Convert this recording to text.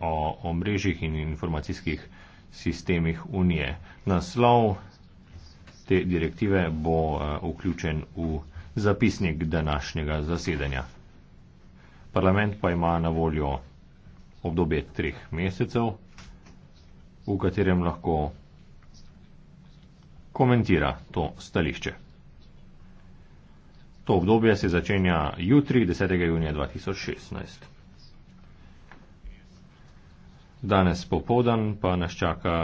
o omrežjih in informacijskih sistemih Unije. Naslov te direktive bo e, vključen v zapisnik današnjega zasedanja. Parlament pa ima na voljo obdobje treh mesecev, v katerem lahko komentira to stališče. To obdobje se začenja jutri 10. junija 2016. Danes popodan pa nas čaka